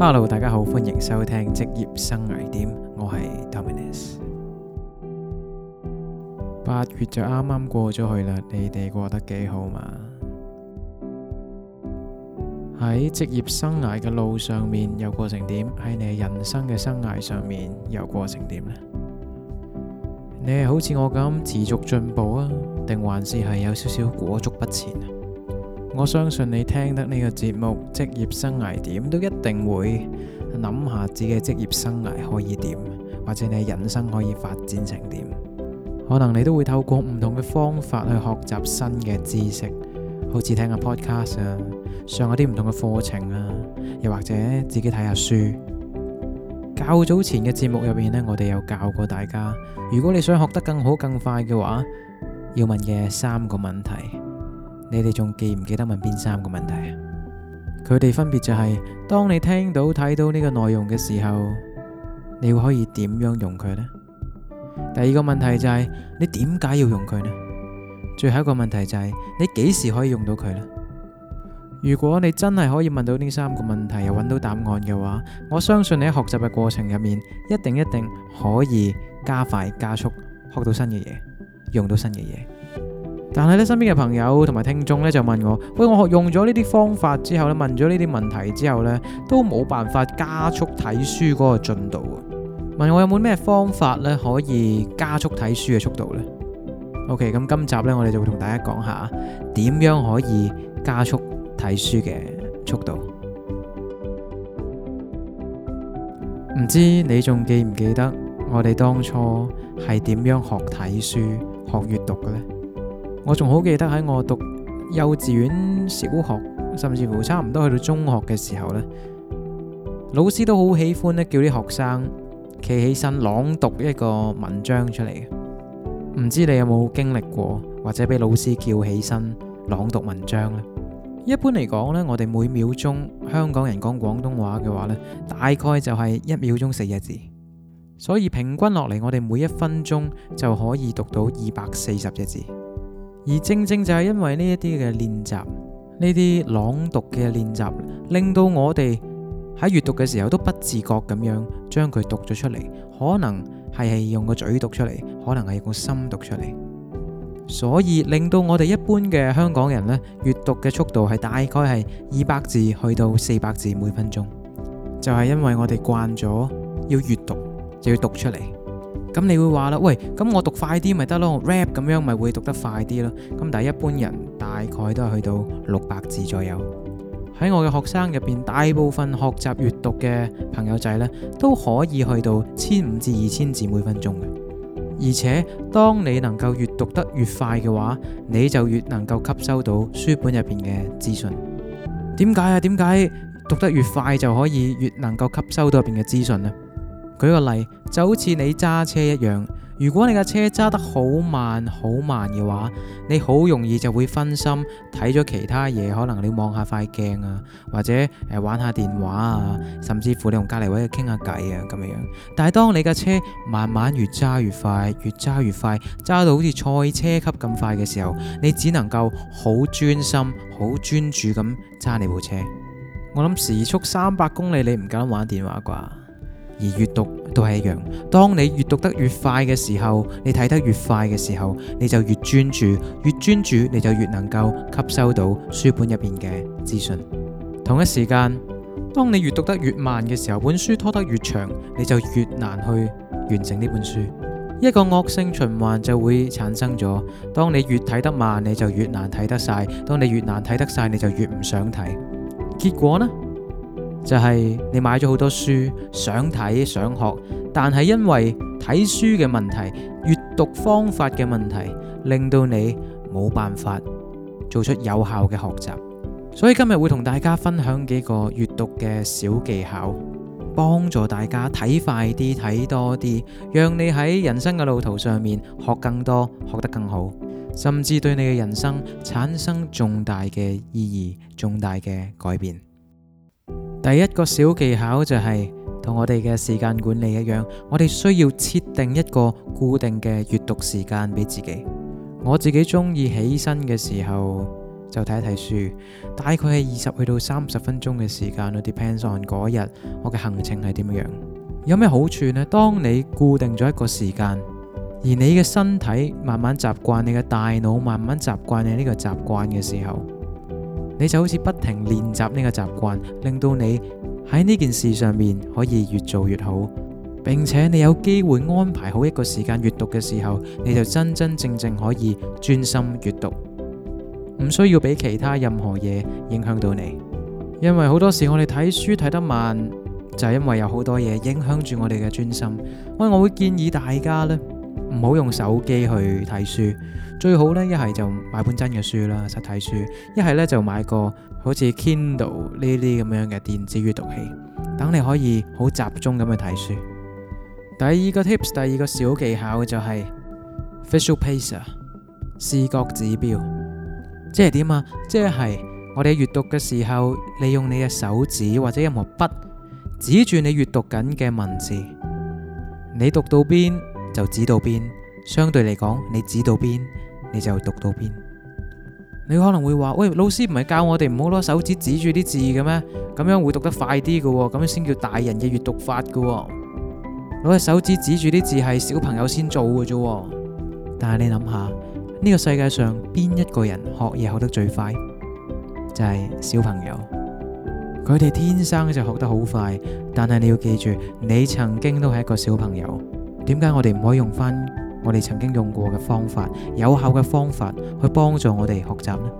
Hello 大家好，歡迎收聽職業生涯點，我係 Dominus。八月就啱啱過咗去啦，你哋過得幾好嘛？喺職業生涯嘅路上面又過成點？喺你人生嘅生涯上面又過成點咧？你係好似我咁持續進步啊，定還是係有少少裹足不前？我相信你聽得呢個節目，職業生涯點都一定會諗下自己嘅職業生涯可以點，或者你人生可以發展成點。可能你都會透過唔同嘅方法去學習新嘅知識，好似聽下 podcast 啊，上下啲唔同嘅課程啊，又或者自己睇下書。較早前嘅節目入面呢，我哋有教過大家，如果你想學得更好，更快嘅話，要問嘅三個問題。你哋仲記唔記得問邊三個問題啊？佢哋分別就係：當你聽到、睇到呢個內容嘅時候，你會可以點樣用佢呢？第二個問題就係你點解要用佢呢？最後一個問題就係你幾時可以用到佢呢？如果你真係可以問到呢三個問題又搵到答案嘅話，我相信你喺學習嘅過程入面一定一定可以加快加速學到新嘅嘢，用到新嘅嘢。但係咧，身邊嘅朋友同埋聽眾咧就問我：喂，我學用咗呢啲方法之後咧，問咗呢啲問題之後咧，都冇辦法加速睇書嗰個進度啊！問我有冇咩方法咧可以加速睇書嘅速度呢？OK，咁今集咧，我哋就會同大家講下點樣可以加速睇書嘅速度。唔知你仲記唔記得我哋當初係點樣學睇書、學閱讀嘅呢？我仲好記得喺我讀幼稚園小學，甚至乎差唔多去到中學嘅時候呢，老師都好喜歡呢叫啲學生企起身朗讀一個文章出嚟嘅。唔知你有冇經歷過或者俾老師叫起身朗讀文章呢？一般嚟講呢，我哋每秒鐘，香港人講廣東話嘅話呢，大概就係一秒鐘四隻字，所以平均落嚟，我哋每一分鐘就可以讀到二百四十隻字。而正正就係因為呢一啲嘅練習，呢啲朗讀嘅練習，令到我哋喺閱讀嘅時候都不自覺咁樣將佢讀咗出嚟，可能係用個嘴讀出嚟，可能係用個心讀出嚟，所以令到我哋一般嘅香港人呢，閱讀嘅速度係大概係二百字去到四百字每分鐘，就係因為我哋慣咗要閱讀就要讀出嚟。咁你會話啦，喂，咁我讀快啲咪得咯，rap 咁樣咪會讀得快啲咯。咁但係一般人大概都係去到六百字左右。喺我嘅學生入邊，大部分學習閱讀嘅朋友仔呢，都可以去到千五至二千字每分鐘嘅。而且當你能夠閱讀得越快嘅話，你就越能夠吸收到書本入邊嘅資訊。點解啊？點解讀得越快就可以越能夠吸收到入邊嘅資訊呢？舉個例，就好似你揸車一樣，如果你架車揸得好慢好慢嘅話，你好容易就會分心，睇咗其他嘢，可能你望下塊鏡啊，或者、呃、玩下電話啊，甚至乎你同隔籬位傾下偈啊咁樣樣。但係當你架車慢慢越揸越快，越揸越快，揸到好似賽車級咁快嘅時候，你只能夠好專心、好專注咁揸你部車。我諗時速三百公里，你唔夠膽玩電話啩？而閱讀都係一樣，當你閱讀得越快嘅時候，你睇得越快嘅時候，你就越專注，越專注你就越能夠吸收到書本入邊嘅資訊。同一時間，當你閱讀得越慢嘅時候，本書拖得越長，你就越難去完成呢本書，一個惡性循環就會產生咗。當你越睇得慢，你就越難睇得晒；當你越難睇得晒，你就越唔想睇。結果呢？就係你買咗好多書想睇想學，但係因為睇書嘅問題，閱讀方法嘅問題，令到你冇辦法做出有效嘅學習。所以今日會同大家分享幾個閱讀嘅小技巧，幫助大家睇快啲、睇多啲，讓你喺人生嘅路途上面學更多、學得更好，甚至對你嘅人生產生重大嘅意義、重大嘅改變。第一個小技巧就係同我哋嘅時間管理一樣，我哋需要設定一個固定嘅閱讀時間俾自己。我自己中意起身嘅時候就睇一睇書，大概係二十去到三十分鐘嘅時間，我 depends on 嗰日我嘅行程係點樣。有咩好處呢？當你固定咗一個時間，而你嘅身體慢慢習慣，你嘅大腦慢慢習慣你呢個習慣嘅時候。你就好似不停練習呢個習慣，令到你喺呢件事上面可以越做越好，並且你有機會安排好一個時間閱讀嘅時候，你就真真正正可以專心閱讀，唔需要俾其他任何嘢影響到你。因為好多時我哋睇書睇得慢，就係因為有好多嘢影響住我哋嘅專心。我我會建議大家呢。唔好用手機去睇書，最好呢一係就買本真嘅書啦，實體書；一係呢，就買個好似 Kindle 呢啲咁樣嘅電子閱讀器，等你可以好集中咁去睇書。第二個 tips，第二個小技巧就係 visual pacing 視覺指標，即係點啊？即係我哋閱讀嘅時候，利用你嘅手指或者任何筆指住你閱讀緊嘅文字，你讀到邊？就指到邊，相對嚟講，你指到邊，你就讀到邊。你可能會話：喂，老師唔係教我哋唔好攞手指指住啲字嘅咩？咁樣會讀得快啲嘅，咁樣先叫大人嘅閱讀法嘅。攞隻手指指住啲字係小朋友先做嘅啫。但係你諗下，呢個世界上邊一個人學嘢學得最快，就係小朋友。佢哋天生就學得好快。但係你要記住，你曾經都係一個小朋友。點解我哋唔可以用翻我哋曾經用過嘅方法，有效嘅方法去幫助我哋學習呢？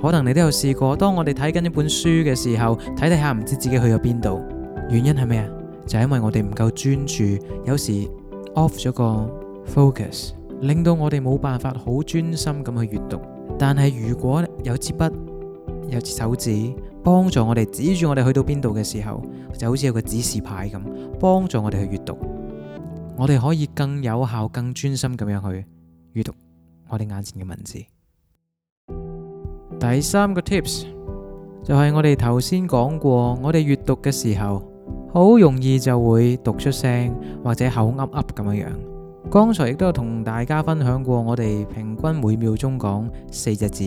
可能你都有試過，當我哋睇緊一本書嘅時候，睇睇下唔知自己去咗邊度。原因係咩啊？就係因為我哋唔夠專注，有時 off 咗個 focus，令到我哋冇辦法好專心咁去閱讀。但係如果有支筆，有支手指幫助我哋指住我哋去到邊度嘅時候，就好似有個指示牌咁，幫助我哋去閱讀。我哋可以更有效、更專心咁樣去閱讀我哋眼前嘅文字。第三個 tips 就係我哋頭先講過，我哋閱讀嘅時候好容易就會讀出聲或者口噏噏咁樣。剛才亦都有同大家分享過，我哋平均每秒鐘講四隻字，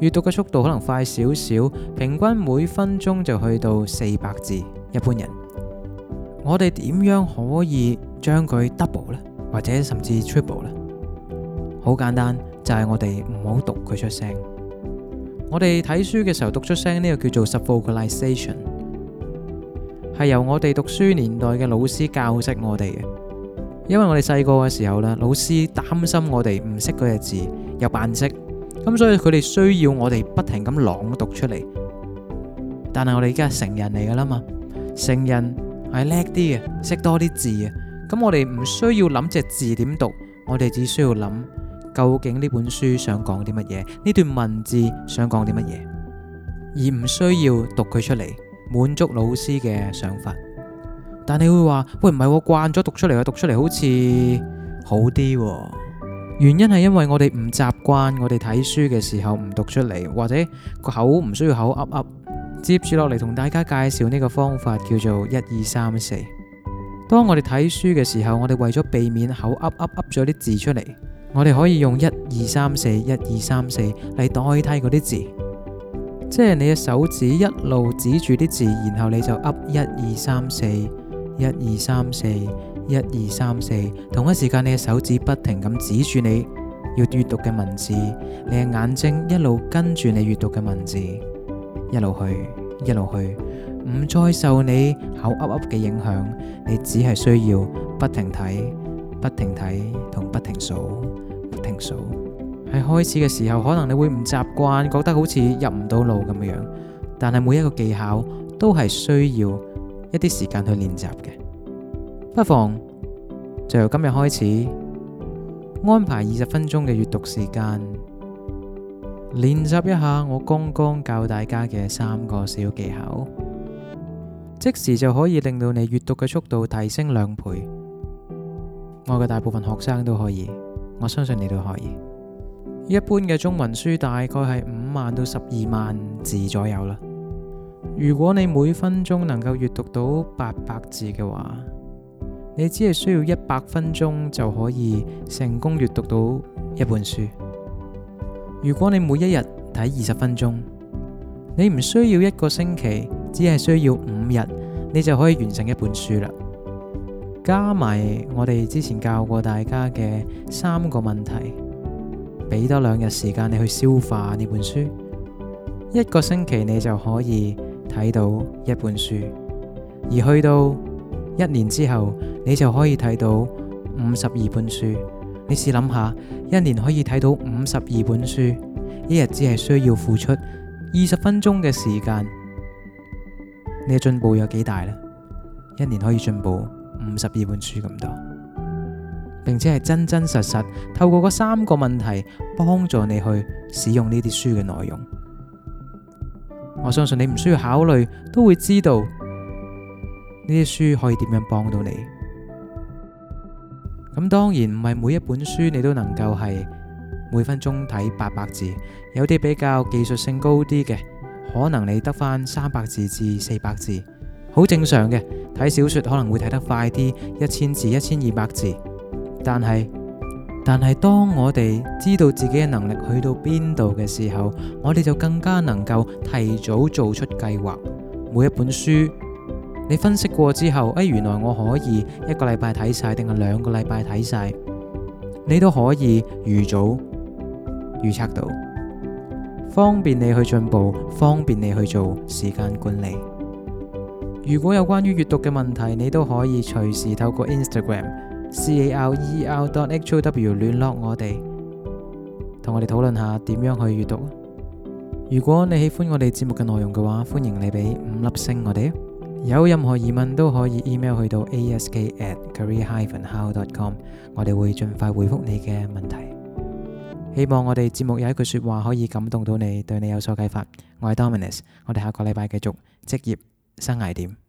閱讀嘅速度可能快少少，平均每分鐘就去到四百字。一般人我哋點樣可以？將佢 double 咧，或者甚至 triple 啦，好簡單就係、是、我哋唔好讀佢出聲。我哋睇書嘅時候讀出聲呢、這個叫做 subvocalization，係由我哋讀書年代嘅老師教識我哋嘅，因為我哋細個嘅時候啦，老師擔心我哋唔識嗰隻字又扮識，咁所以佢哋需要我哋不停咁朗讀出嚟。但係我哋而家係成人嚟噶啦嘛，成人係叻啲嘅，識多啲字啊。咁我哋唔需要諗隻字點讀，我哋只需要諗究竟呢本書想講啲乜嘢，呢段文字想講啲乜嘢，而唔需要讀佢出嚟滿足老師嘅想法。但你會話喂，唔係我慣咗讀出嚟啊，讀出嚟好似好啲，哦。原因係因為我哋唔習慣我哋睇書嘅時候唔讀出嚟，或者個口唔需要口噏噏。接住落嚟同大家介紹呢個方法，叫做一二三四。當我哋睇書嘅時候，我哋為咗避免口噏噏噏咗啲字出嚟，我哋可以用一二三四、一二三四嚟代替嗰啲字，即係你嘅手指一路指住啲字，然後你就噏一二三四、一二三四、一二三四，同一時間你嘅手指不停咁指住你要閱讀嘅文字，你嘅眼睛一路跟住你閱讀嘅文字，一路去，一路去。唔再受你口噏噏嘅影響，你只係需要不停睇、不停睇同不停數、不停數。喺開始嘅時候，可能你會唔習慣，覺得好似入唔到路咁樣。但係每一個技巧都係需要一啲時間去練習嘅，不妨就由今日開始安排二十分鐘嘅閱讀時間，練習一下我剛剛教大家嘅三個小技巧。即時就可以令到你閱讀嘅速度提升兩倍，我嘅大部分學生都可以，我相信你都可以。一般嘅中文書大概係五萬到十二萬字左右啦。如果你每分鐘能夠閱讀到八百字嘅話，你只係需要一百分鐘就可以成功閱讀到一本書。如果你每一日睇二十分鐘，你唔需要一個星期。只係需要五日，你就可以完成一本書啦。加埋我哋之前教過大家嘅三個問題，俾多兩日時間你去消化呢本書，一個星期你就可以睇到一本書。而去到一年之後，你就可以睇到五十二本書。你試諗下，一年可以睇到五十二本書，一日只係需要付出二十分鐘嘅時間。你嘅進步有幾大呢？一年可以進步五十二本書咁多，並且係真真實實透過嗰三個問題幫助你去使用呢啲書嘅內容。我相信你唔需要考慮，都會知道呢啲書可以點樣幫到你。咁當然唔係每一本書你都能夠係每分鐘睇八百字，有啲比較技術性高啲嘅。可能你得翻三百字至四百字，好正常嘅。睇小說可能會睇得快啲，一千字、一千二百字。但係但係，當我哋知道自己嘅能力去到邊度嘅時候，我哋就更加能夠提早做出計劃。每一本書你分析過之後，誒、哎，原來我可以一個禮拜睇晒，定係兩個禮拜睇晒，你都可以預早預測到。方便你去進步，方便你去做時間管理。如果有關於閱讀嘅問題，你都可以隨時透過 Instagram C A R E E R dot H O W 聯絡我哋，同我哋討論下點樣去閱讀。如果你喜歡我哋節目嘅內容嘅話，歡迎你俾五粒星我哋。有任何疑問都可以 email 去到 ask at career hyphen how dot com，我哋會盡快回覆你嘅問題。希望我哋節目有一句說話可以感動到你，對你有所啟發。我係 Dominus，我哋下個禮拜繼續職業生涯點。